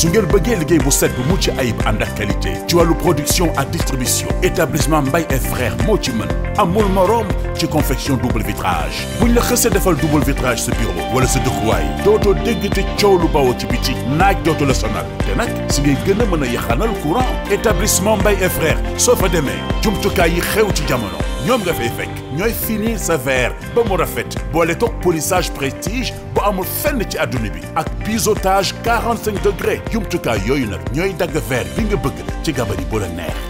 su ngeen bëggee liggéey bu set bu mucc ay ànd ak qualité ci wàllu production ak distribution établissement Mbaye et frères moo ci mën amul morom ci confection double vitrage bu la xësee defal double vitrage sa bureau wala sa dëkkuwaay dootoo dégg te coow lu bawoo ci biti naaj dootu la sonal te nag si ngay gën a mën a yaxanal courant établissement Mbaye et frères soo fa demee jumtukaay yi xew ci jamono ñoom nga fay fekk ñooy finir sa verre ba mu rafet boole toog polissage prestige bu amul fenn ci adduna bi ak biseautage 45 degré jumtukaay yooyu nag ñooy dagg verre bi nga bëgg ci gabari bu la neex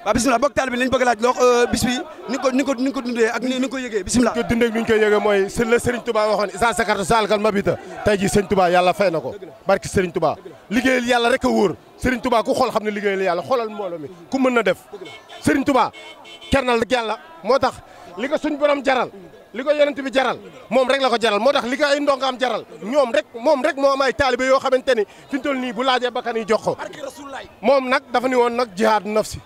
waaw bisimilah bokk taal bi lañ bëgg laaj loo euh, bis bi ni ko ni ko ni ko dundee ak ni nga ko yëgee bisimilah. ni ko dundee ni ñu koy yëgee mooy sëñ la Serigne Touba waxoon isa sakartu saalkal mabita tey jii Serigne Touba yàlla fay na ko barki Serigne Touba liggéeyal yàlla rek a wóor Serigne Touba ku xool xam ne liggéeyal yàlla xoolal mbooloo mi ku mën na def Serigne Touba kernal rek yàlla moo tax li ko suñ borom jaral li ko yonent bi jaral moom rek la ko jaral moo tax li ko ay ndongaam jaral ñoom rek moom rek moo am ay taalibe yoo xamante ni fi ñu toll nii bu laajee bakkan yi jox ko moom nag dafa ni woon nag jihaad nafsi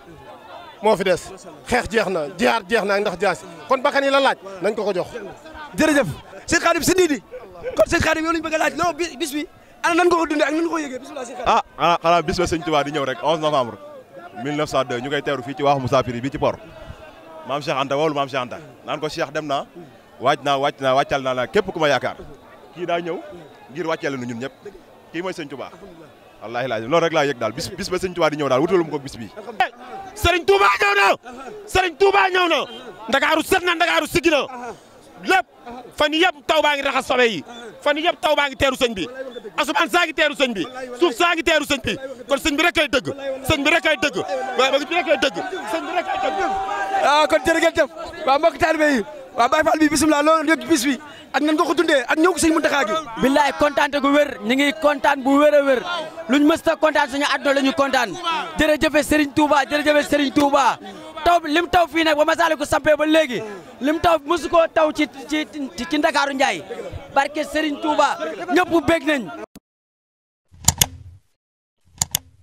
moo fi des xeex jeex na jihaar jeex na ndax jaasi kon bakkan yi la laaj nañ ko ko jox. jërëjëf sëñ Khadim si Ndidi kon sëñ Khadim yow lañ bëgg a laaj non bis bi ana nan nga ko dundee ak nan nga ko yëgee bisimilah sëñ Khadim. ah ah xanaa bis ba sëñ Tuubaa di ñëw rek 11 novembre 1902 ñu koy teeru fii ci waaxu Musaafiri bi ci port maam Cheikh Anta woolu maam Cheikh Anta naan ko Cheikh dem naa waaj naa wàcc naa wàccal naa la képp ku ma yaakaar kii daa ñëw ngir wàccale nu ñun ñëpp kii mooy sëñ Tuubaa wallaahi laaj loolu rek laa yëg daal bis bis ba sëñ Tuubaa di ñëw daal wutalum ko bis bi Serigne Touba ñëw na uh-huh. Serigne Touba ñëw na uh-huh. Ndakaaru set na Ndakaaru siggi na uh-huh. lépp fan yëpp taw baa ngi raxas sobe yi fan yëpp taw baa ngi teeru sëñ bi asamaan saa ngi teeru sëñ bi suuf saa ngi teeru sëñ bi kon sëñ bi rek kay dëgg sëñ bi rek kay dëgg waaw sëñ bi ah, yi waaw Baye Fall bi bisimilah loolu yëg bis bi ak nan nga ko dundee ak ñëw ko sëñ Muntaxa gi billaay kontaante gu wér ñu ngi kontaan bu wér a wér luñ mës ta kontaan suñu àdduna la ñu kontaan jërëjëfe Serigne Touba jërëjëfe seriñ Touba taw lim taw fii nag ba Massalikul sampee ba léegi lim taw mosu koo taw ci ci ci ci Ndakaaru Njaay barke Serigne Touba ñëpp bég nañ